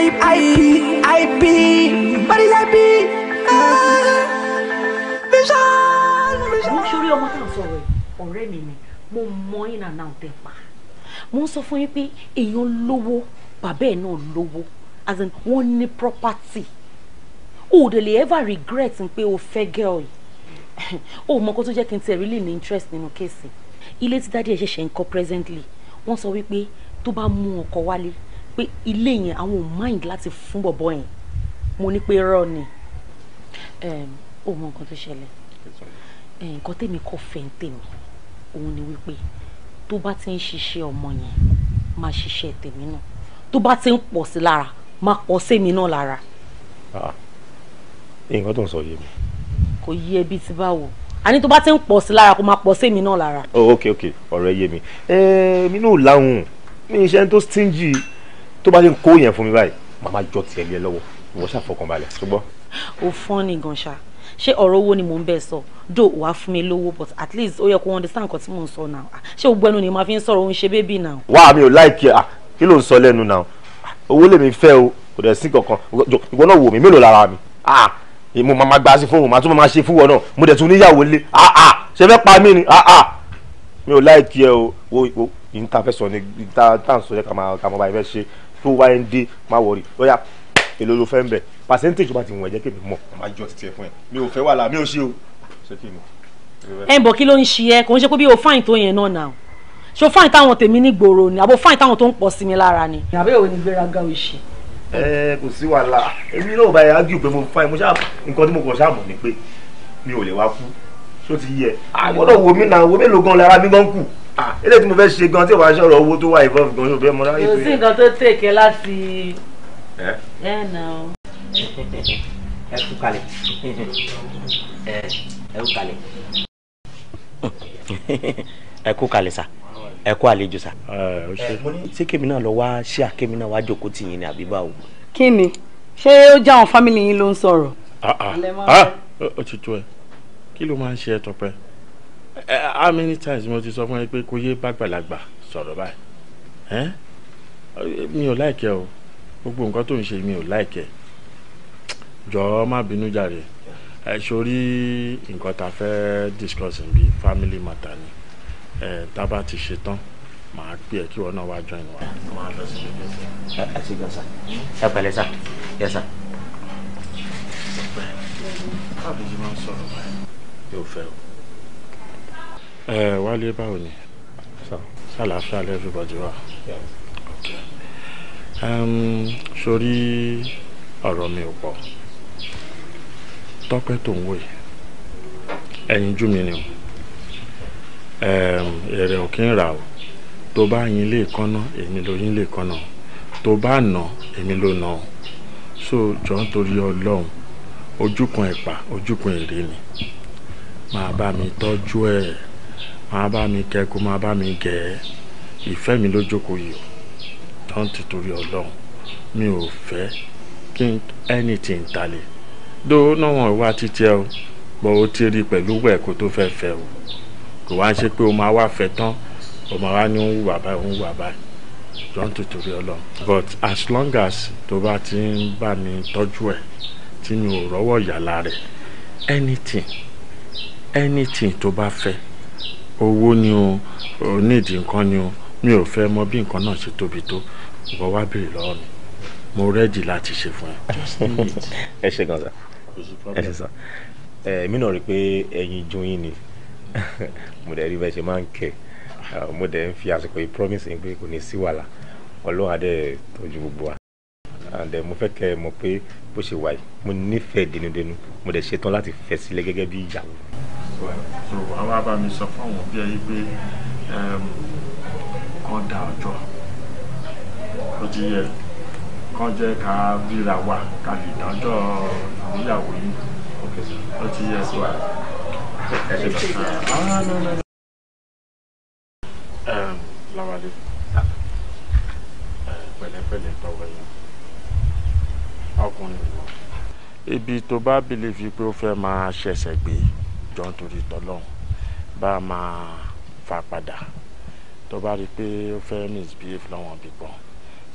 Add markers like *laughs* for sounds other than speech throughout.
I, I, I be, but it's I be. Mo ń ṣorí ọmọ tá à ń sọ̀rọ̀ ẹ̀ ọ̀rẹ́ mi ni mo mọ in and out pa. Mo ń sọ fún yín pé èèyàn lówó bàbá ẹ̀ náà lówó as in wọ́n ní property. O ò dẹ̀ lè ever regret pé o fẹ́ girl yìí. O ò mọ kó tó jẹ́ kí n tiẹ̀ really ní interest nínú kéèsì. Ilé tí dádì ẹ̀ ṣẹ̀ṣẹ̀ ń kọ́ presently wọ́n sọ wípé tó bá mú ọkọ wálé pé ilé yẹn àwọn ò mind láti fún bọ̀bọ̀ yẹn mo ní pé rọ ni ó mọ nǹkan tó ṣẹlẹ̀ nǹkan tèmi kò fẹ́ ń tèmi òun ni wípé tó bá ti ń ṣiṣẹ́ ọmọ yẹn máa ṣiṣẹ́ tèmi náà tó bá ti ń pọ̀ sí lára máa pọ̀ sẹ́mi náà lára. Ah, nǹkan tó ń sọ yé mi. kò yí ẹbí tí báwo àní tó bá ti ń pọ̀ sí lára kó máa pọ̀ sẹ́mi náà lára. Oh, ok ok ọ̀rọ̀ ẹ yé mi ẹ̀ẹ́d mi náà láwùn mi ìṣẹ́ tó stingy tó bá ṣe ń kó yẹn fún mi báyìí màmá jọ tiẹ̀ lé lọ́wọ́ ìwọ ṣàfọkànbalẹ̀ ṣùgbọ́n. ò fún ni gan ṣá ṣé ọ̀rọ̀ owó ni mò ń bẹ̀ sọ do wàá fún mi lówó but at least ó yẹ kó understand nǹkan tí mò ń sọ now ah, ṣé gbogbo ẹnu ni màá fi ń sọ̀rọ̀ òun ṣe bébì now. wá mi ò láìkí à ah, kí ló ń sọ lẹ́nu now ah, owó lèmi fẹ́ o kò dẹ̀ sí kankan ìwọ náà wò mí mélòó lára mi ah mo máa gba sí fún òun màá tún máa ṣe fún wọn náà mo dẹ̀ tún níyàwó lé ah ah ṣe fẹ́ pa mí ni ah ah mi ò láìkí ẹ o ìta fẹ́ ni ìta tá ká máa ká máa bá ẹ fẹ́ ṣe tó wáyé ń dé má wọrí lọ́yà èlò ló fẹ́ ń bẹ̀ percentage bá ti wọ̀n ẹ̀jẹ̀ kébì mọ̀. má jọ ti tiẹ̀ fún ẹ mi ò fẹ́ wàhálà mi ò ṣe o. ẹ ń bọ̀ kí ló ń ṣe ẹ kò ń ṣe pé bí o fáìn tó yẹn náà nà ṣo fáìn táwọn tèmi ní gbòòrò ni àbò fáìn táwọn tó ń pọ̀ sí mi lára ni. àbẹ́ òwe ni gbéraga ò ṣe. ẹ kò sí wàhálà èmi náà bá yàrá pé mo fáìn mo ṣáà nǹkan tí mo kàn ṣáà mọ̀ ni pé mi ò lè wá kú ṣó ti yẹ àwọn wo mí náà wo mélòó gan lára mi gan kù eléyìí tí mo fẹ́ ṣe gan tí ìwà sọ̀rọ̀ owó tó wà ìfọ̀fù gan yóò fẹ́ mọ láyé tó yẹ. kò sí nǹkan tó tèké láti. ẹ ẹ nà ó. ẹ kú kalẹ̀ ẹ kú kalẹ̀. ẹ kú kalẹ̀ sa ẹ kú àlejò sa. ṣé kémi náà lọ wá ṣé àkémi náà wá jókòó tì yín ni àbí báwo. kí ni ṣé ó jẹ́ àwọn fámìlì yín ló ń sọ̀rọ̀. Ah, ah. Ah, ó ti tó ẹ kí ló máa ń ṣe ẹ tọpẹ how many times mo ti sọ fún ẹ pé kò yé bàgbàlagbà sọ̀rọ̀ báyìí mi ò láìkẹ́ o gbogbo nǹkan tó ń ṣe mi ò láìkẹ́ jọ̀ọ́ má bínú jàre ẹ sórí nǹkan tá fẹ́ discuss bí family matter ni ẹ tábà ti ṣe tán màá pè ẹ kí wọn náà wá join wa. ẹ ṣe gan sa ẹ pẹ̀lẹ́ sa yẹ sa. káàbíyí máa ń sọ̀rọ̀ yóò fẹ́ o ẹ wálé báwo ni ṣàlàáfíà everybody wà sórí ọ̀rọ̀ mi ò pọ̀ tọ́pẹ́ tó ń wò yìí ẹ̀yin jú mi ni o èrè ò kí ń rà o tó bá yin lè kánná èmi ló yin lè kánná tó bá nà èmi ló nà o so jọ ń torí ọlọ́run ojú kan ẹ̀pà ojú èrè ni máa bá mi tọ́jú ẹ̀. E máa bá mi kẹ́ kó máa bá mi gẹ̀ ìfẹ́ mi ló jókòó yìí o tán ti torí ọlọ́run mi ò fẹ́ kí anything talè dó náwọn ìwà títí ẹ o bọ́ ó ti rí pẹ̀lú wẹ̀ kó tó fẹ́ fẹ́ o kò wá ń ṣe pé o máa wá fẹ́ tán o máa wá ní òun wà báyìí òun wà báyìí tán ti torí ọlọ́run but as long as tó bá ti ń bá mi tọ́jú ẹ̀ tí mi ò rọ́wọ́ yàrá rẹ̀ anything anything tó bá fẹ́ owó ni o onídìí nǹkan ni o mi ò fẹ́ mọ bí nǹkan náà ṣe tóbi tó ìwọ wá béèrè lọ́wọ́ mi mo rẹ́dì láti ṣe fún ẹ. *laughs* ẹ ṣe gan sa ẹ ṣe sàn èmi náà rí i pé ẹyin ju yín ni *laughs* mo dẹ̀ rí bẹ́ẹ̀ ṣe máa ń kẹ́ mo dẹ̀ ń fi àsìkò yìí promise yín pé kò ní sí wàhálà ọlọ́run adé tọ́jú gbogbo wa and mo fẹ́ kẹ́ ẹ mọ̀ pé bó ṣe wà yìí mo nífẹ̀ẹ́ dénúdénú mo dẹ̀ ṣetán láti fẹ́ sílẹ̀ gẹ́gẹ́ bí ìyàwó so àwọn àbá mi sọ fún àwọn òbí ẹ yìí pé kàn da ọjọ́ ó ti yẹ kàn jẹ́ ká ríra wa ká lè dájọ́ ìgbéyàwó yìí ó ti yẹ sí wa. Lawale pẹ̀lẹ́pẹ̀lẹ́ tọwọ́ yẹn ọkùnrin ìwọ. ibi tó bá bìlẹ̀ fi pé ó fẹ́ máa ṣẹ̀ṣẹ̀ gbé jọ ń torí tọlọ́run bá a máa fa padà tó bá rí i pé ó fẹ́ misbehave lọ́wọ́n bíbọn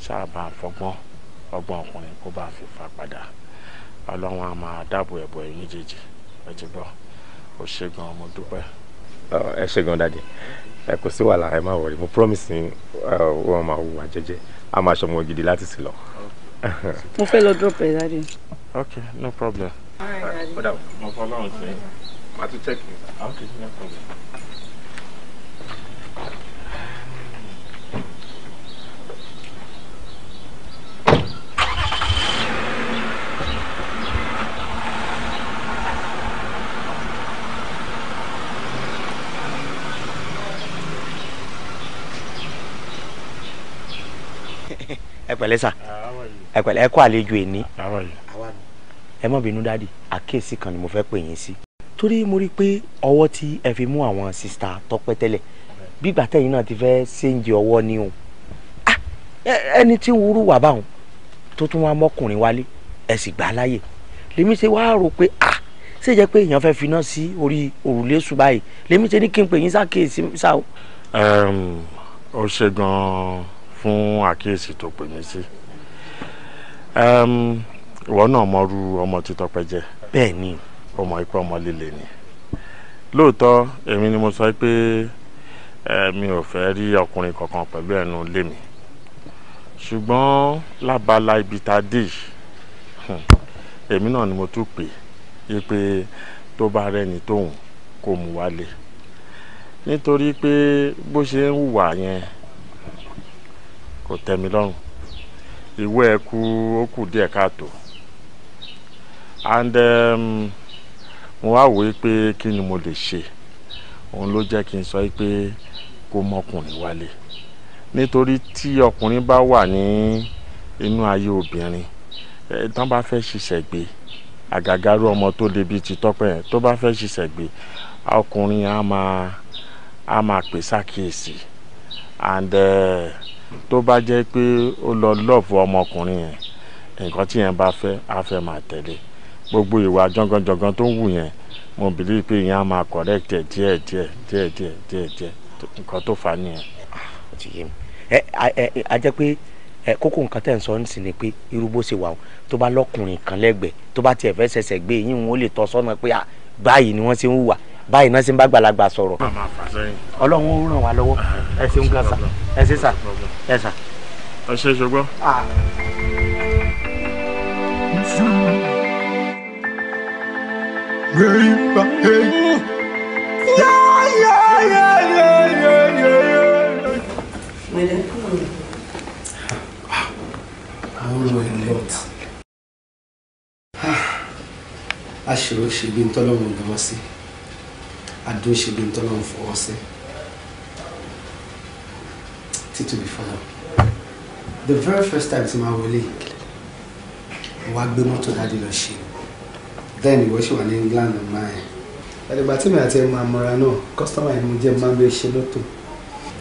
ṣáà a fọgbọ́n ọgbọ́n ọkùnrin kó bá a fi fa padà ọlọ́run á máa dáàbò ẹ̀bọ̀ ẹ̀yìn méjèèjì ẹ ti gbọ́ ó ṣe gan mo dúpẹ́. ẹ ṣe gan dáàdì ẹ kò sí wàhálà ẹ má wọrí mo promise ni wọn máa wù wá jẹ́jẹ́ a máa ṣọmọ gidi láti sí lọ. mo fẹ́ lọ drop ẹ̀ dáàdì. ok no problem. ọ̀dà mo màá tún check ní sir. Ah, ok no problem. *laughs* ẹ pẹ̀lẹ́ sà ah, ẹ pẹ̀lẹ́ ẹ kó àlejò ah, bínú dádì àkíyèsí kan ni mo fẹ́ pè yín sí torí mo rí i pé ọwọ́ tí ẹ fi mú àwọn sista tọpẹ́ tẹ́lẹ̀ bígbà tẹ́yìn náà ti fẹ́ ṣéǹjì ọwọ́ ni o ah, ẹni tí ń wúrú wà báwọn tó tún wá mọ́kùnrin wálé ẹ sì gbà á láyè lèmi ṣe wáá rò pé ah ṣé jẹ́ pé èèyàn fẹ́ finá sí orí òrùlé sùn báyìí lèmi ṣe ní kí n pè yín ṣàkíyèsí ṣá o. ó ṣe gan-an fún àkíyèsí tó pè mí sí ìwọ náà mọrú ọmọ títọpẹ jẹ. bẹ́ẹ̀ ni ọmọ ipá ọmọ líle ni lóòótọ́ èmi ni mo sọ pé mi ò fẹ́ rí ọkùnrin kankan pẹ̀lú ẹnu ilé mi ṣùgbọ́n lábala ibi tá a dé èmi náà ni mo tún pè é pé tó bá rẹ́ni tóun kò mú wálé nítorí pé bó ṣe ń hùwà yẹn kò tẹ́ mi lọ́rùn ìwé ẹ̀kú ó kù díẹ̀ káàtó and um, mo wá wòó pé kí ni mo lè ṣe òun ló jẹ́ kí n sọ pé kó mọkùnrin wálé nítorí tí ọkùnrin bá wà ní inú ayé obìnrin tán bá fẹ́ ṣiṣẹ́ gbé àgàgàrú ọmọ tó le bíi ti tọ́pẹ́ yẹn tó bá fẹ́ ṣiṣẹ́ gbé ọkùnrin á máa á máa pè sákìyèsí and tó bá jẹ́ pé ó lọ lọ́ọ̀fù ọmọkùnrin yẹn nǹkan tí yẹn bá fẹ́ á fẹ́ máa tẹ̀lé gbogbo ìwà jọ̀gànjọ̀gàn tó ń wù yẹn mo bìlí pé ìyẹn á máa correct díẹ̀ díẹ̀ díẹ̀ díẹ̀ díẹ̀ díẹ̀ nǹkan tó fà á nìyẹn. a jẹ pé kókó nǹkan tẹ̀ ń sọ ní sinmi pé irú bó ṣe wà o tó bá lọ́kùnrin kan lẹ́gbẹ̀ẹ́ tó bá tiẹ̀ fẹ́ ṣẹ̀ṣẹ̀ gbé yín wọn ó lè tọ́ sọ́nà pé báyìí ni wọ́n ṣe ń hùwà báyìí náà ṣe ń bá gbàlagbà sọ̀rọ̀ ọlọ́run ó ràn wá lọ́wọ́ ẹ ṣeun gan sa ẹ ṣe sà ẹ sà. ẹ ṣe ṣùgbọ́n. Guerilla, hey. Yeah, yeah, yeah, yeah, yeah, yeah. Mẹ̀lẹ́kùn. Àwọn ọ̀rọ̀ ilẹ̀ ọ̀tá. Aṣèrò ṣe bí ntọ́lọ́run gbọ́n sí. Adó ṣe bí ntọ́lọ́run fọwọ́ sí. Títóbi fọlọ́. The very first time tí máa wọlé, wàá gbé mọ́tò dáadé lọ ṣe then ìwọ ṣì wà ní England ọ̀ma ẹ̀ ẹ̀dùgbà tí mi àti ẹ̀ máa mọra náà kọ́sítọ́mà ẹ̀ mo jẹ́ máa ń bẹ ṣe lọ́tò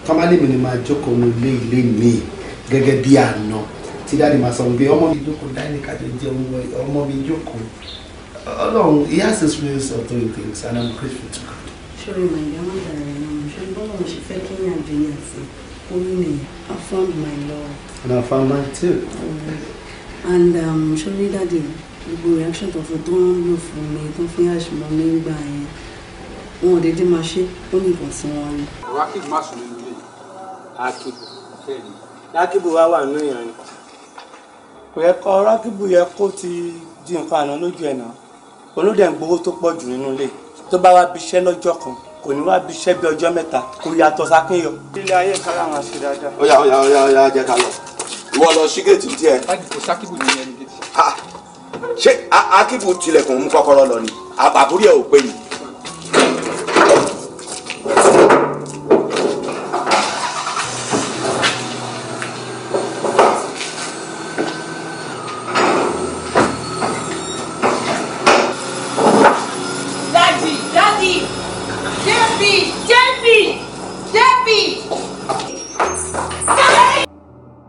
tọ́málì mi ni máa jókòó nu ilé ilé mi gẹ́gẹ́ bí àná tí dáàdi máa sọ pé ọmọ mi jókòó dáàdi kájọ jẹ ọmọ mi jókòó Ọlọ́run he has his ways of doing things and I'm grateful to God. ṣòro ìmọ̀ ìyá wọn dàrẹ̀ náà ṣé bọ́lá mo ṣe fẹ́ kí ní àjọyọ̀ àti orí mi I found my love. And I found mine too. Mm-hmm. And um, ṣòro dáàdi gbogbo reaction tó fún tó ń lò fún mi tó fi hàṣì mọ́ mi nígbà yẹn wọn ò dédé máa ṣe ó ní nǹkan tí wọ́n ní. ọ̀rọ̀ akíkù má sùn nínú ilé akíkù bẹ́ẹ̀ni lákìbù wá wà nínú ìyàn ni kò yẹ kọ rákìbù yẹ kó ti di nǹkan àná lójú ẹ̀ náà olóde ń gbowó tó pọ̀ jù nínú ilé tó bá wá bíṣẹ́ lọ́jọ́ kan kò ní wá bíṣẹ́ bí ọjọ́ mẹ́ta kò yàtọ̀ sákínyọ. ilé ayé kára máa ṣe dáadáa. ó yá ó yá ó yá jẹ́ ká lọ wọ́n lọ ṣígẹ́ẹ̀tì díẹ̀. láti kò sákìbù nìyẹn ní gẹ̀ẹ́tì ṣé akíbu tilẹ̀kùn mú kọ́kọ́rọ́ lọ ni àbúrí ẹ̀ ò pé ni.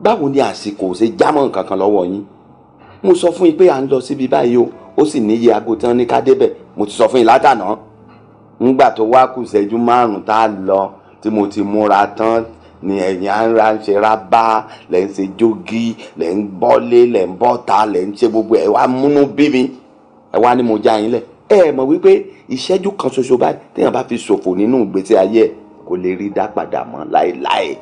báwo ni àsìkò ṣe jámọ́ nǹkan kan lọ́wọ́ yín mo sọ fún yín pé à ń lọ síbi báyìí o ó sì níye aago tí wọ́n ní ká débẹ̀ mo ti sọ fún yín látàná ńgbà tó wá kù ìṣẹ́jú márùn-ún tá a lọ tí mo ti múra tán ni ẹ̀yin ara ń ṣe rábà lẹ̀ ń ṣe jógí lẹ̀ ń bọ́lé lẹ̀ ń bọ́ta lẹ̀ ń ṣe gbogbo ẹ̀ wá múnú bí mi ẹ̀ wá ní mo já yín lẹ̀ ẹ mọ̀ wípé ìṣẹ́jú kan ṣoṣo báyìí téèyàn bá fi ṣòfò nínú ìgbésí ayé ẹ̀ kò lè rí dá padà mọ́ láéláé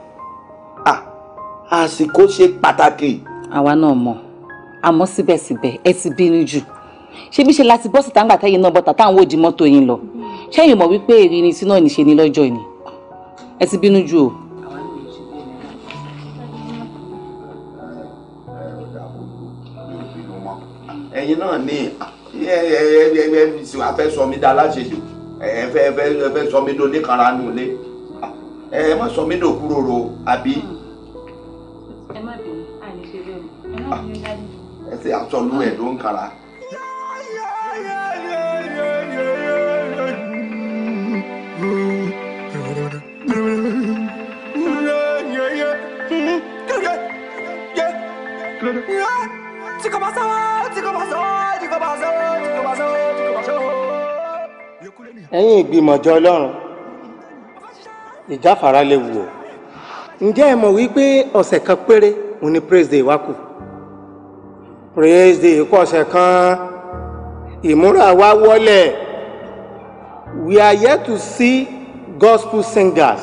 àsìkò ṣe pàtàkì. àwa náà mọ̀ àmọ́ síbẹ̀síbẹ̀ ẹ ti bínú jù ṣé bí ṣe láti bọ́ síta ńgbà táyé náà bọ́ta táwọn òdì mọ́tò yín lọ ṣẹ́yìn mọ̀ wípé èrè ni tí náà níṣe ni lọ́jọ́ ni ẹ ti bínú jù o. ẹ̀yin náà ní ẹ ẹ ẹ ẹ fẹ́ sọ mi dá aláṣejù ẹ fẹ́ fẹ́ fẹ́ sọ mi dóní kanra nulẹ̀ ẹ ẹ má sọ mi dòkúròrò àbí. ẹ má bínú àìní ṣe bẹ́ẹ̀ mọ́ ẹ má bínú dájú tí aṣọ́nú ẹ̀ ló ń kara. ẹ̀yin ìgbìmọ̀jọ ọlọ́run ìjáfara lè wù ọ́ ǹjẹ́ ẹ mọ̀ wípé ọ̀sẹ̀ kan péré òun ni praise day wá praise the ìkọ̀sẹ̀ kan ìmúra wa wọlẹ̀ we are yet to see gospel singers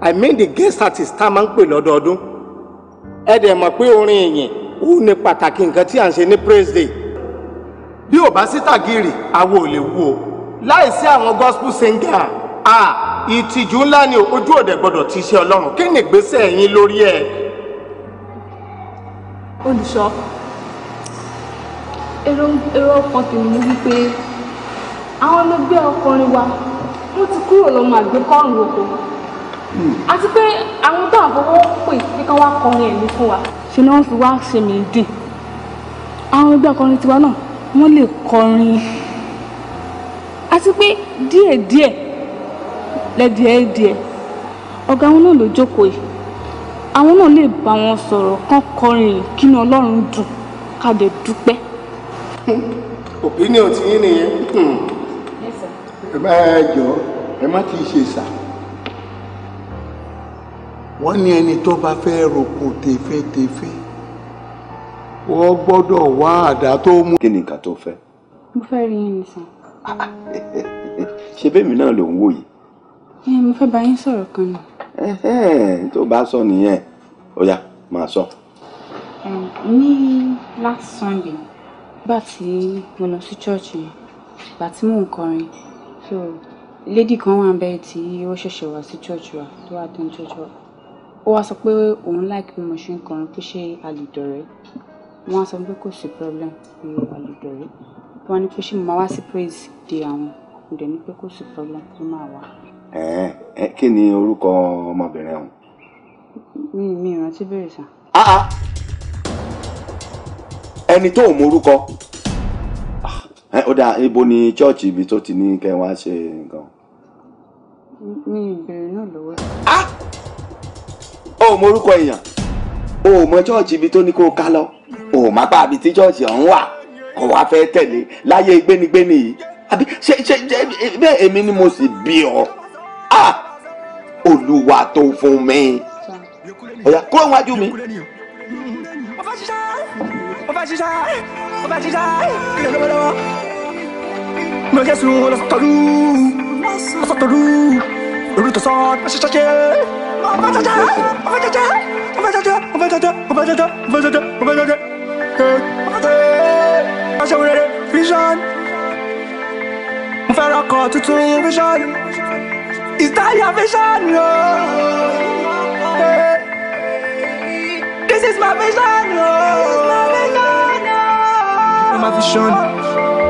i mean the guest artist tá a máa ń pè lọ́dọọdún ẹ dẹ̀ mọ̀ pé orin ìyìn ó ní pàtàkì nǹkan tí à ń ṣe ní praise day bí ò bá sí tàgìrì àwo ò lè wú o láìsí àwọn gospel singer a ìtìjú ńlá ni ojú òde gbọ́dọ̀ ti ṣe Ọlọ́run kí ni ìgbésẹ̀ yín lórí ẹ̀. olùṣọ́ èrò ọkàn tèmi ni wípé àwọn ọlọgbẹ ọkùnrin wa wọn ti kúrò lọmọ àgbẹ̀ kọrùn oko àti pé àwọn tó àfọwọ́ pè pé kán wá kọrin ẹ̀mí fún wa ṣe ni wọ́n fi wá ṣe mí dì àwọn ẹgbẹ́ akọrin tiwa náà wọ́n lè kọrin àti pé díẹ̀díẹ̀ lẹ́díẹ̀díẹ̀ ọ̀gá wọn náà ló jókòó yìí àwọn náà lè bá wọn sọ̀rọ̀ kán kọrin kínú ọlọ́run dùn ká lè dúpẹ́. *laughs* opinion ti yín nìyẹn hmm. ẹ bá jọ ẹ má ti ṣe sà wọ́n ní ẹni tó bá fẹ́ roko tefétefé wọ́n gbọ́dọ̀ wá àdá tó mú. kí ni nǹkan tó fẹ́. mo fẹ́ rí yín ni sàn. *laughs* ṣe bẹ́ẹ̀mi náà ló ń wò yìí. ẹ mo fẹ́ bá yín sọ̀rọ̀ kan ni. tó bá sọ nìyẹn ó yá máa sọ. ní last Sunday nígbà tí mo lọ sí ṣọ́ọ̀ṣì ìgbà tí mò ń kọrin so lady kan wà bẹ́ẹ̀ tí ó ṣẹ̀ṣẹ̀ wá sí ṣọ́ọ̀ṣì wa tó wà tó ń ṣọ́ọ̀ṣì wa ó wá sọ pé òun láìpẹ́ bí mo ṣe ń kọrin pé ṣé a lè dọ̀rẹ́ wọ́n á sọ pé kò sí problem pé a lè dọ̀rẹ́ wọ́n ní pé ṣé mo máa wá sí praise day àwọn mo dẹ̀ ní pé kò sí problem tó máa wá. ẹ ẹ kí ni orúkọ ọmọbìnrin ọ̀hún. mi mi ìrántí bèrè sàn. Ah, ah ẹni tó ò morúkọ ah, ó dáa ibo ni chọ́ọ̀chì ibi tó ti ní kẹ́ wá ṣe nǹkan. mi ìbéèrè náà lọ́wọ́. a ah! ò morúkọ èèyàn o ò mọ chọ́ọ̀chì ibi tó ní kó o ká lọ o ò má pàbí tí chọ́ọ̀chì ọ̀hún wà kò wá fẹ́ tẹ̀lé láyé gbénigbéni yìí àbí ṣe ṣe bẹ́ẹ̀ èmi ni mo sì bí ọ ah! olúwa tó fún mi ó kúrò wájú mi mo fẹ́ ṣiṣẹ́ mo fẹ́ ṣiṣẹ́ kí lè lọ́wọ́ lọ́wọ́ mo jẹ́ sùn lọ́sọ̀tọ̀rù lọ́sọ̀tọ̀rù lórí tọ̀sán mo ṣiṣẹ́ ṣe mo fẹ́ ṣiṣẹ́ mo fẹ́ ṣiṣẹ́ mo fẹ́ ṣiṣẹ́ mo fẹ́ ṣiṣẹ́ mo fẹ́ ṣiṣẹ́ mo fẹ́ ṣiṣẹ́ mo fẹ́ ṣiṣẹ́ aṣọ rere vision mo fẹ́ rọkọ̀ tuntun vision ìtàlíà vision ooo. This is my vision. Oh. my vision?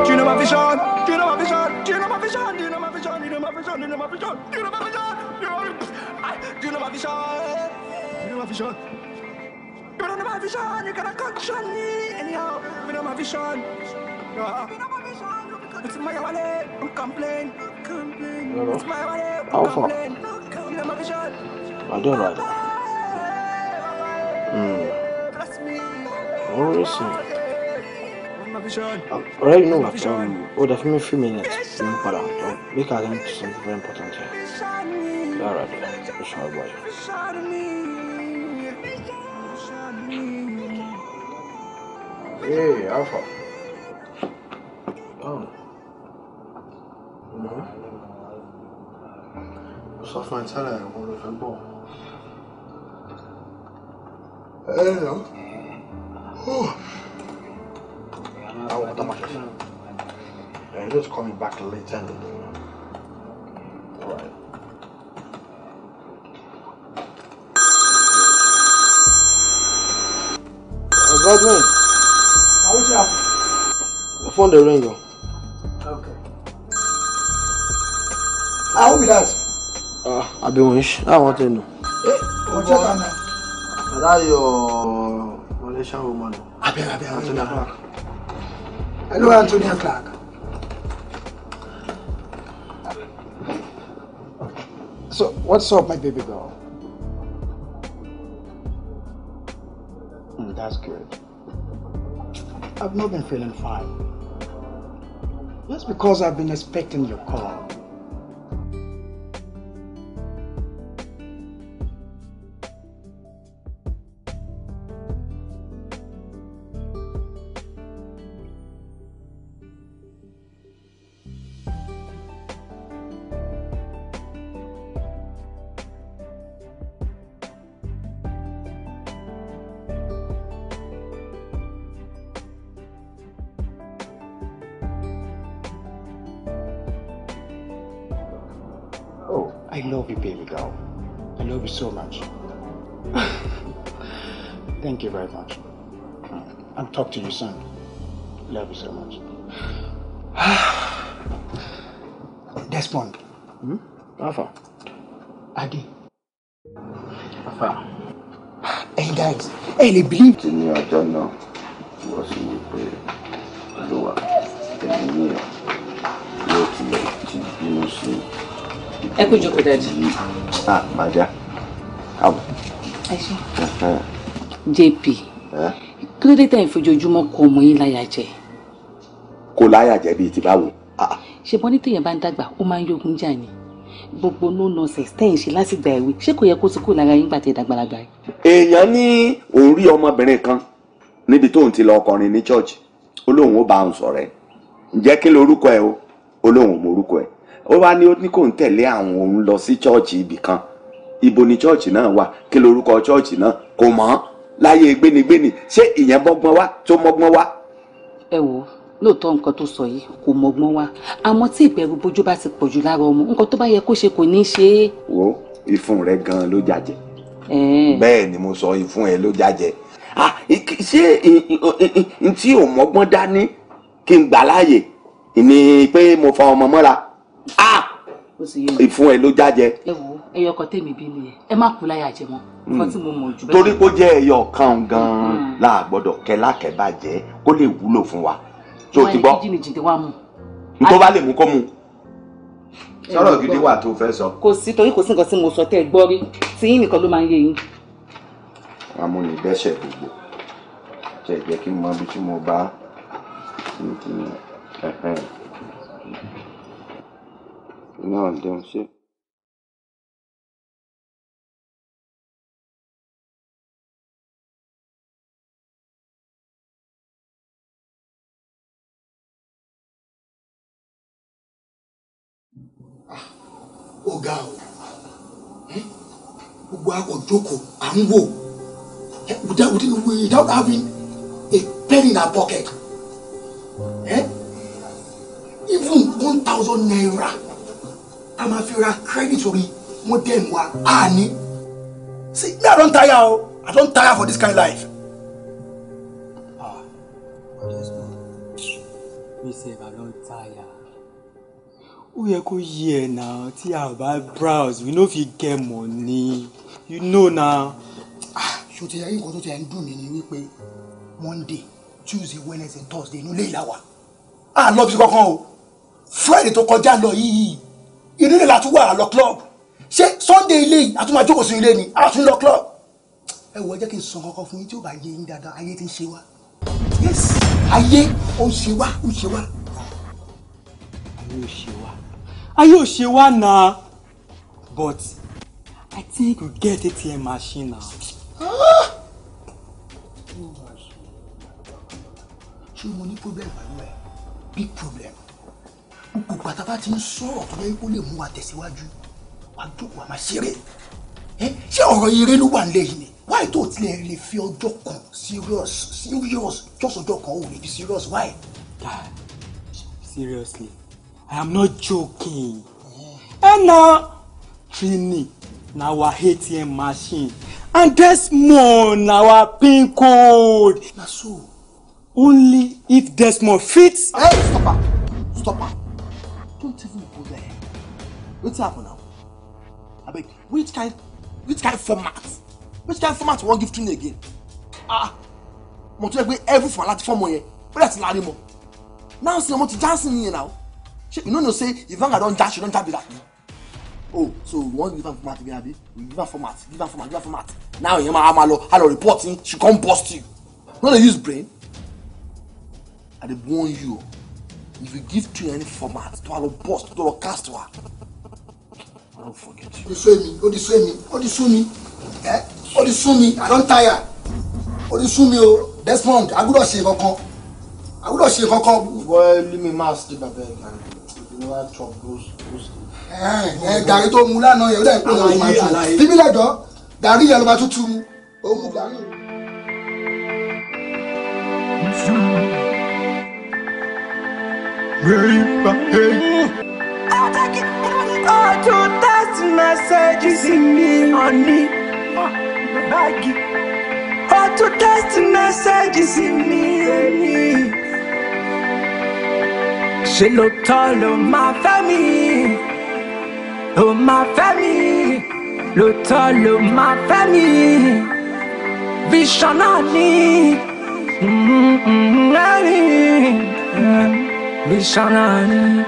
Do you know my vision? Do you know my vision? Do you know my vision? Do you know my vision? Do you know my vision? Do you know my vision? Do you know my vision? Do you know my vision? Do you know my vision? do know my vision, you cannot control me anyhow. You know my vision. It's my wallet, I'm It's my wallet, I'm You know my vision. I don't know. Hmm. Where is he? Ah, right now, what time. Oh, a few minutes. Then para. We can get something very important here. Alright, right, we shall boy. Hey, Alpha. Oh. No. up, my ẹ I'm going to fẹ́ bọ̀. Ẹ ẹ lọ. I ọ̀tá máa ṣẹ̀ṣẹ̀ and just coming back later uh, in the day. All it? I found The ring Okay. Ah, who be that? Ah, uh, wish. I want to know. Eh, who check am now? Na that your relation woman. Abi, abi, abi. Hello, Antonia Clark. So, what's up, my baby girl? Mm, that's good. I've not been feeling fine. That's because I've been expecting your call. Love you so much. *sighs* Desmond. Hmm? Afa. Adi. Afa. Hey guys, hey they believe. Kí ni ọjọ́ náà wọ́n sì wí pé olúwa ẹ̀mí ni ẹ̀ yóò tilẹ̀ ti bínú sí i. Ẹ kú jókòó dájú. Ah, Bàjá, káàbọ̀. Ẹ ṣe. JP, kí ló dé tẹ̀ ń fojoojúmọ́ kọ ọmọ yín láyà jẹ? kó láyà jẹ́ bíi ti báwo. Ah. ṣe ní tèèyàn bá ń dàgbà ó máa ń yógun jà gbogbo no nonsense tẹ́yìn ṣe ṣé kò yẹ kó lára yín ìdàgbàlagbà yìí. èèyàn ní òun ọmọbìnrin kan níbi tóun ti lọ ọkọrin ní bá òun ǹjẹ́ kí lorúkọ ẹ o ẹ ó wá ní ó tẹ̀lé àwọn òun lóòótọ́ nǹkan tó sọ yìí kò mọ̀gbọ́n wa àmọ́ tí ìbẹ̀rù bójú bá ti pọ̀jù lára ọmọ nǹkan tó bá yẹ kó ṣe kò ní ṣe é. wo ìfun rẹ gan ló jàjẹ bẹ́ẹ̀ ni mo sọ ìfun ẹ ló jàjẹ ṣé n tí ò mọ́gbọ́n dání kí n gbà láàyè ni pé mo fa ọmọ mọ́ra ìfun ẹ ló jàjẹ. ẹ wo ẹyọ kan tèmi bí nìyẹn ẹ má kú láyà jẹ mọ́ hmm. nǹkan tí mo mọ̀ jù bẹ́ẹ̀. torí kó jẹ́ ẹyọ kan gan-an hmm. la gbọ́dọ̀ kẹ́lákẹ́ bàjẹ́ kó lè wúlò fún wa tó ti gbọ́ ntọ́ bá lè mú kó mú sọ̀rọ̀ gidi wà tó fẹ́ sọ. kò sí torí kò sí nǹkan tí mo sọ tẹ́ ẹ gbọ́ rí tí yín nìkan ló máa ń yé yín. amúnidẹ́sẹ̀ gbogbo tẹ̀ jẹ́ kí n mọ ibi tí mo bá náà dẹ́hùn ṣe. Ah, ó ga o hmm? gbogbo akọ jókòó à ń wò eh, without without having a penny in our pocket eh? even one thousand naira a máa fi ra credit orí modem wa a ní. see me i don tire o i don tire for this kind of life. ah yes ma me say i don tire ó yẹ kó yí ẹ náà tí a bá browse we no fit get money you know na. ṣòtì ayé nǹkan tó ti ẹ̀ ń dùn mí ni wípé monday tuesday wednesday thursday inú ilé ìlà wa à lọ bí kankan o friday tó kọjá lọ yìí inú ilé la tún wà lọ club ṣé sunday ilé yìí a tún máa jókòó sí ilé ni a tún lọ club ẹ wò jẹ́ kí n sọ kankan fún yín tí ó bá yé yín dáadáa ayé ti ń ṣe wá yes ayé ó ń ṣe wá ó ń ṣe wá. ayé ó ṣe wá ayé you ṣe wá na but I think we get ATM machine now. ṣé mo ní problem pẹ̀lú ẹ̀ big problem gbogbo pátá bá ti ń sọ̀rọ̀ tó yẹ kó lè mú wa tẹ̀síwájú wàá jókòó àmà ṣeré ṣé ọ̀rọ̀ eré ló wà nílẹ̀ yìí ni why tó tilẹ̀ lè fi ọjọ́ kan serious serious just ọjọ́ kan ò lè fi serious why. seriously am not joking and eh, now, trini now our atm machine and desmond na our pin code Now so only if more fits. hey stop her, stop her. don't even go there What's happening now I beg. which kind which kind format which kind format won't give trini again ah I'm going to pé every format láti fọmọ yẹn bẹ́ẹ̀ ti anymore? Now náà sinimá ti dáhùn sí nìyẹn now you no know say ivanga don dash you don jab like oh so we wan give am format again abi we give am format give am format give am format now yẹn máa ma lọ report him she come burst you no dey use brain i dey warn you o if you give to any format to allo burst to allo cast wa i don forget you. o dey sue me o dey sue me o dey sue me eh o dey sue me i don tire o dey sue me o Desmond agudo ṣe kankan agudo ṣe kankan. well let me mask the abeg never chop those those things. tó mu lánàá yẹn ó dẹ̀ pé lọ́wọ́ máa tù bíbí lẹ́jọ́ gàrí yẹn ló máa tútù mu ó mu gàrí. Oh, to test messages in me, honey. Oh, baggy. Oh, to test messages in me, honey. J'ai l'automne, oh ma famille, oh ma famille, l'automne, de ma famille, Vishanani, mm-hmm, Vishanani.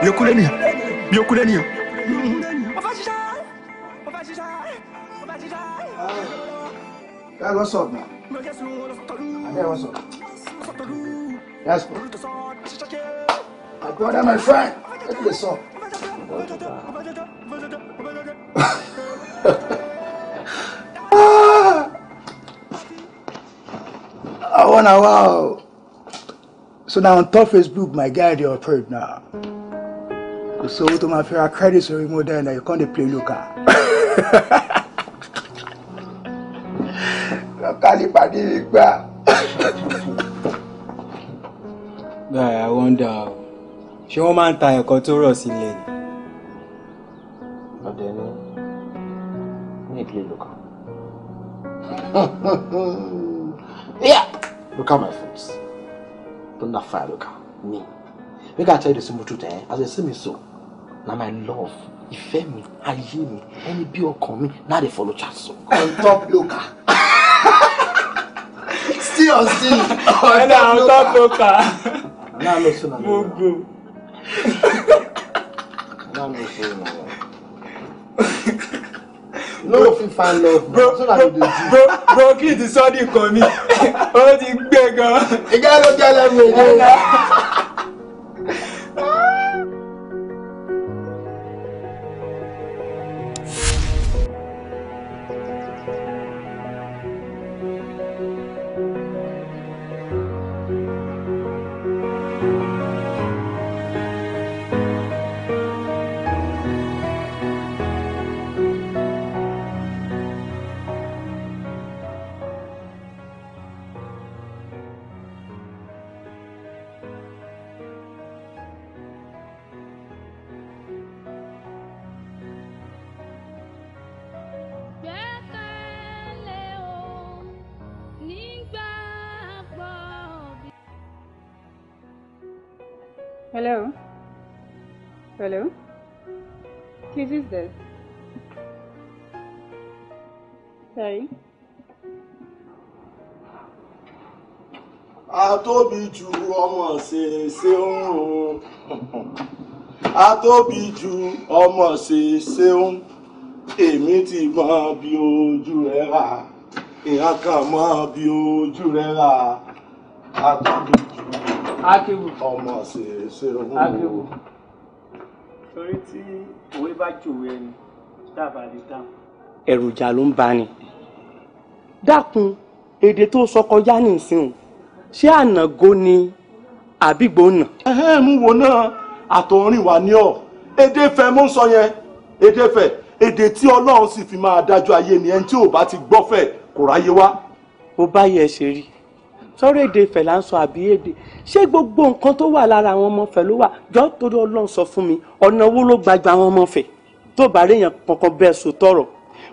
biyokuleniya biyokuleniya. Yeah, what's up, man? Yeah, what's up? Yes, bro. My brother, my friend. Get this up. ah! I wanna wow. So now on top Facebook, my guy dey operate now. Kò sówó tó máa fi ra credit sórí mo dẹ́rẹ́ náà, you can't dey play local. Lọ́kàlì *laughs* pàdé mi gbà. Guy, I wonder She Ṣé wọ́n máa ń ta us in rọ̀ But then, Ọ̀dẹ̀ ni, ní ìdílé *laughs* Yeah. Look at my fruits. Don't that fire look at me. We I tell you the simple truth, eh? As they see me so, now my love, ìfẹ́ mi, ayé mi, ẹni bí ọkàn mi, na dey follow chat so. On top loka. *laughs* Still on still. On top loka. Na lo so na lo. Gbogbo. Na lo so na lo. *laughs* no fifa love bro so bro bro bro kí ni ti sọ́ọ́dì kan mi *laughs* ó ti gbé gan. ìgbà ló jẹ́ lẹ́nu èdè. atóbi ju ọmọ ṣèṣe ń o atóbi ju ọmọ ṣèṣe ń èmi ti mọ bí ojú rẹ rà èèyàn kan mọ bí ojú rẹ rà atóbi ju ọmọ ṣèṣe ń o. torí tí òwe bá jòwe ẹni dábàá lè dáhùn. èròjà ló ń bá ni dákun èdè tó sọ kọjá nìsín o ṣé ànàgó ni àbígbò nà. ẹhẹ́n wo náà àtọ̀rìn wà ní ọ̀ èdè fẹ́ mò ń sọ yẹn èdè fẹ́ èdè tí ọlọ́run sì fi máa dájọ́ ayé ni ẹni tí ò bá ti gbọ́fẹ̀ kò ráyé wá. ó bá yẹ ṣe rí sọ́rọ̀ èdè fẹ̀ là ń sọ àbí èdè ṣé gbogbo nǹkan tó wà lára àwọn ọmọ fẹ̀ ló wà jọ́ torí ọlọ́run sọ fún mi ọ̀nà owó ló gbagba àwọn ọmọ fẹ̀ tó bá réèyàn kankan bẹ́ẹ̀ sọ tọ̀rọ̀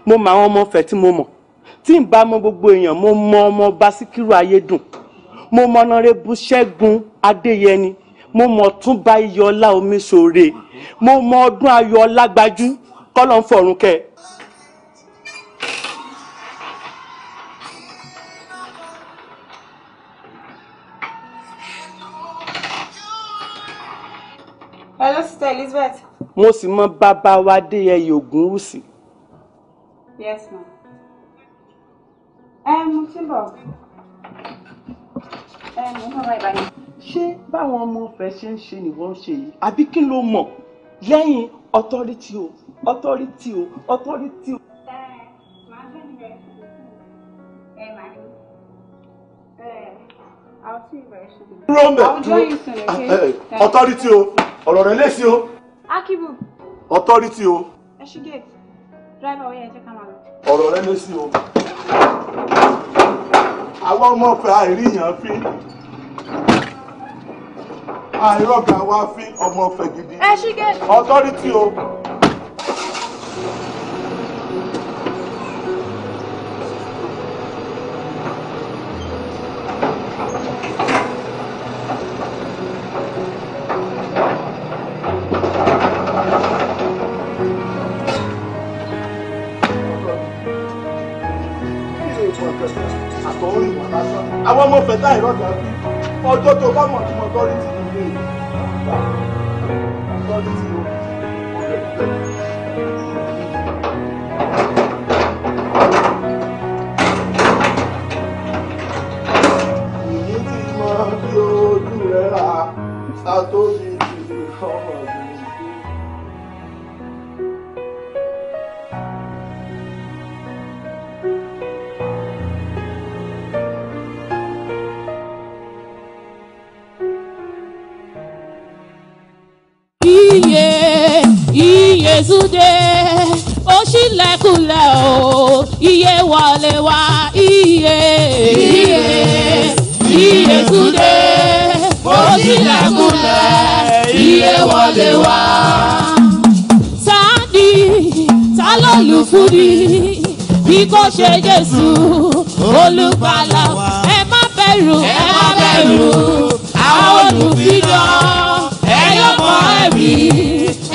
mo mọ àwọn ọmọ fẹ̀ tí mo mọ̀ tí n bá mọ gbogbo èèyàn mo mọ ọmọ Ọba Síkírù Ayédùn mo mọ ọ̀nàrẹ́bù ṣẹ́gun adéyẹni mo mọ ọ̀túnba iyọlá omiṣore mo mọ ọdún ayọ̀ọ́lá gbajú kọ́lọ́ ń fọ̀run kẹ́ Hello, Sister Elizabeth. Mo sì mọ bàbá wa Adéyẹyè Ògúnwùsì. Yes, ma'am. Ẹ eh, mú tí bọ̀ ẹ mo bá báyìí báyìí. ṣé báwọn ọmọ ọ̀fẹ́ ṣe ń ṣe nìwọ ṣe yìí àbí kí ló mọ̀ lẹ́yìn authority o authority o authority o. Rọ́mbẹ̀ ah, eh, authority o ọ̀rọ̀ rẹ̀ lé o. Akibu. authority o. Ẹ ṣí gate o àwọn ọmọ ọ̀fẹ́ àìríyàn fi àìrọ̀gà wa fi ọmọ ọ̀fẹ́ gidi Authority, o. àwọn ọmọ fẹ̀tà ìrọ̀dà bí ọjọ́ tó bá mọ̀ tí mo tọ́rí ti nílé tọ́rí ti o. ìyí ti mọ bí ojú rẹ̀ ra sátóbi ti fi fọ́ọ̀mù. wá. ta ni ta ló lù fún ni bí kò ṣe Jésù olùpàlà ẹ má bẹ̀rù ẹ má bẹ̀rù àwọn olùfidàn ẹ yóò mọ ẹ̀rí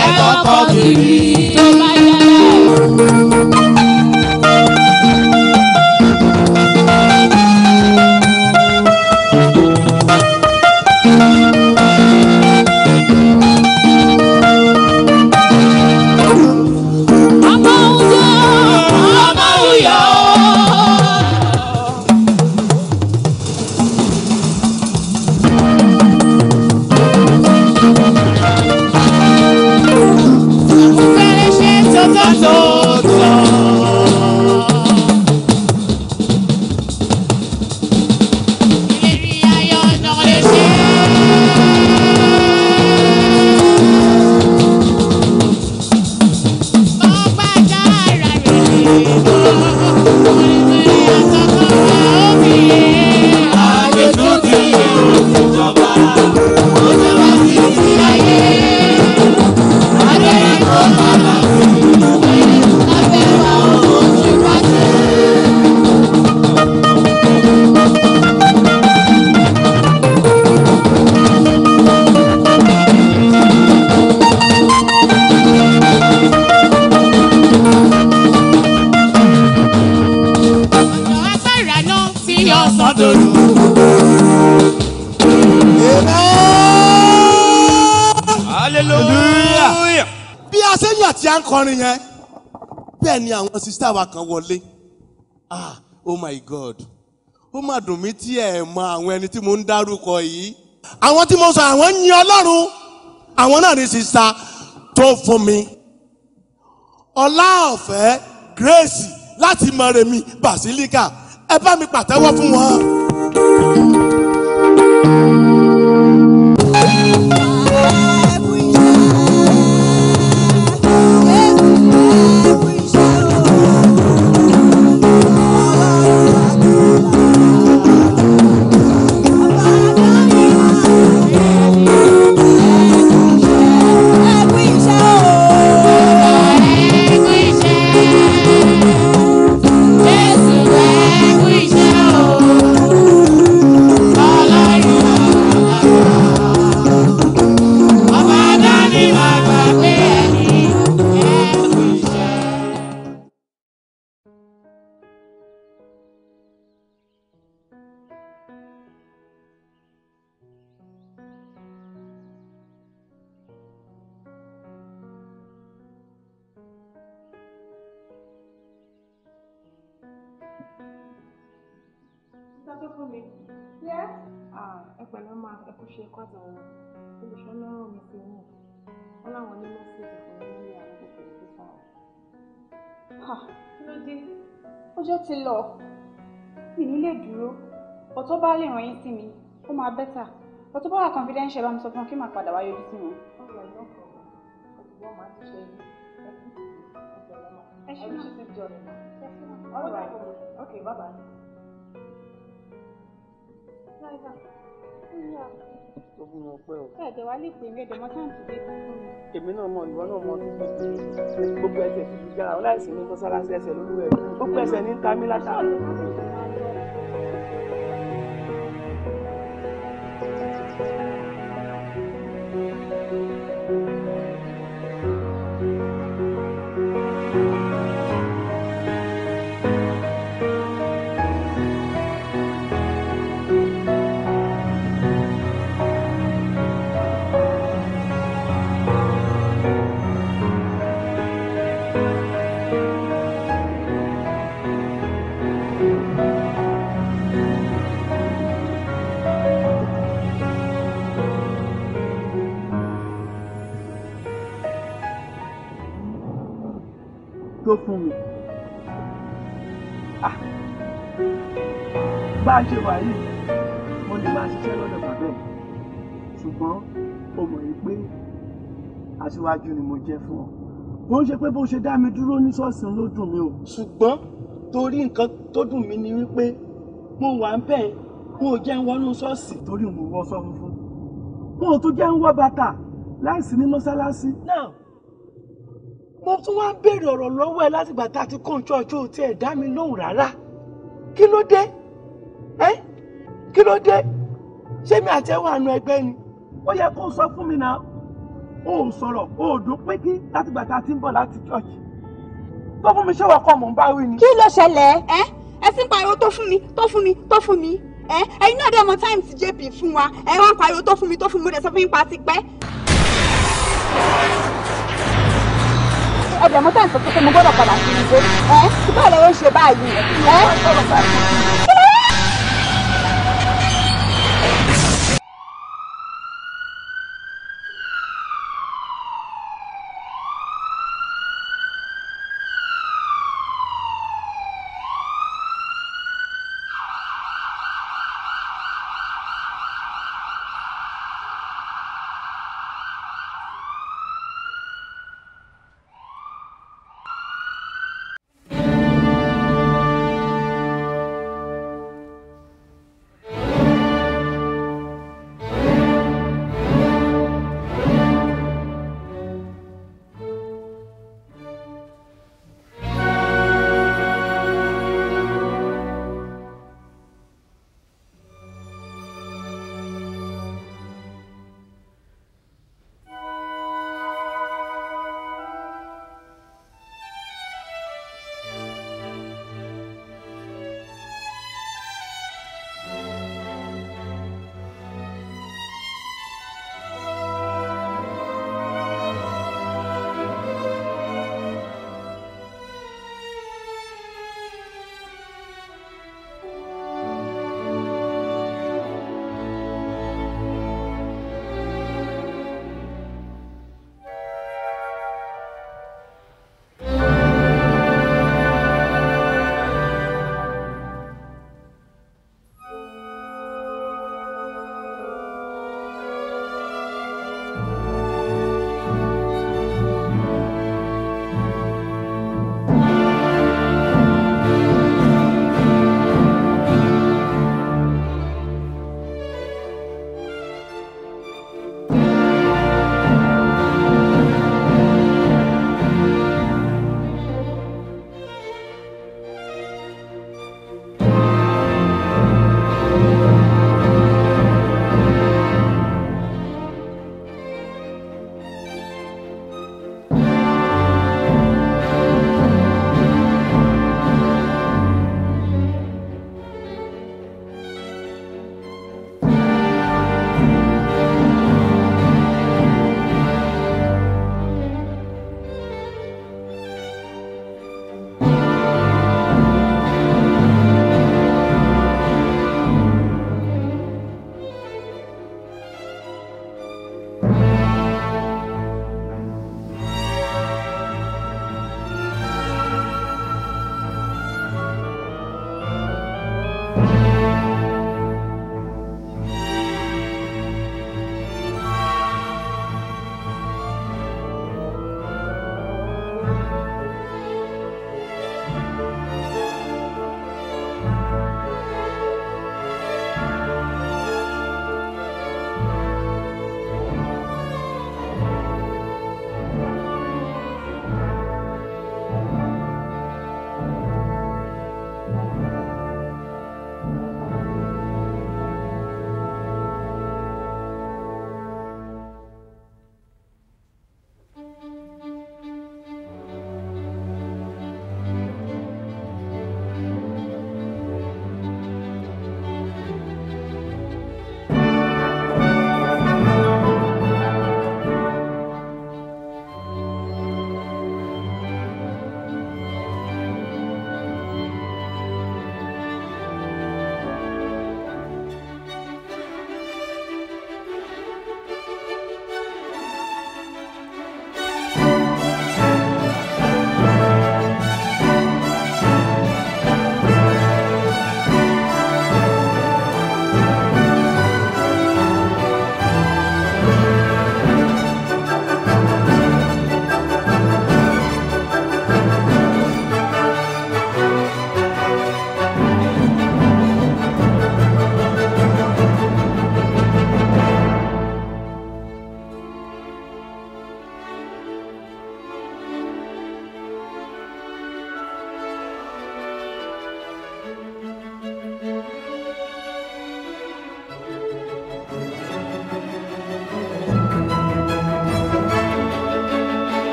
ẹ kọ́kọ́ kiri. tó bá yára. táwa kan wọlé ah oh my god ó mà dùn mí tí ẹ mọ àwọn ẹni tí mo ń dárúkọ yìí àwọn tí mo sọ àwọn ń yin ọlọ́run àwọn náà ní sísá tó fún mi ọlá ọ̀fẹ́ grace láti mọ̀rẹ̀mí basilica ẹ bá mi pàtẹ́wọ́ fún wọn. fún mi. Ah, ẹ pẹ̀lú máa ẹ kú ṣe kọ́tà ọ̀hún olùṣọ́nà ràn mí sí yìí wọ́n láwọn ní mẹ́sẹ̀gì fún mi nílé àwọn gbogbo ìlú fún ọ. kí ló dé ọjọ́ ti lọ mi nílé dúró ọ̀tọ́ bá lè ràn yín sí mi ó máa bẹ́tà ọ̀tọ́ bá wà confidential bá mi sọ fún ọ kí màá padà wá yọjú sí wọn. ẹ ṣe náà. Okay, bye-bye ogun mo pẹ o. ẹ̀jẹ̀ wa lè pè mí ẹ̀jẹ̀ mọ táǹtì dé fún mi. èmi náà mọ ìwọ náà mọ gbogbo ẹsẹ̀ gbogbo ẹsẹ̀ yàrá ọláìsí ní ló fún mi. Ah. bá a ṣe wà yìí mo lè máa ṣiṣẹ́ lọ́dọ̀ bàbá ẹ̀ ṣùgbọ́n o mọ̀ yìí pé aṣíwájú ni mo jẹ́ fún ọ. bó ń ṣe pé bó ṣe dá mi dúró ní ṣọ́ọ̀ṣì ló dùn mí o. ṣùgbọ́n torí nǹkan tó dùn mí ni wípé mo wà ń bẹ̀ mo ò jẹ́ ń wọnú ṣọ́ọ̀ṣì. torí mo wọ sọ funfun mo ò tún jẹ́ ń wọ bàtà láìsí ní mọ́ṣáláṣí. náà mo tún wá ń béèrè ọ̀rọ̀ lọ́wọ́ ẹ látìgbà tá a ti kó nǹkan ọjọ́ tí ẹ̀ dá mi lóhùn rárá kí ló dé ẹ kí ló dé ṣé mi àti ẹ wà nù ẹgbẹ́ ni ó yẹ kó sọ fún mi náà ó ń sọ̀rọ̀ ó dùn pé kí látìgbà tá a ti ń bọ̀ láti ṣọ́ọ̀ṣì tó fún mi ṣé wàá kọ́ mọ̀ ń bá wí ni. kí ló ṣẹlẹ̀ ẹ ẹ sì ń pariwo tó fún mi tó fún mi tó fún mi ẹ ẹyin náà dẹ́ mọ times jp fún wa ẹ wá ń pariwo tó fún mi tó fún mi mo dẹ̀ sọ fún yín pa ti pẹ́ ẹ̀dẹ̀ mo tẹ̀ ń sọ pé mo gbọ́dọ̀ padà sí igbó ẹ̀ báwo lè ń ṣe báyìí ẹ̀.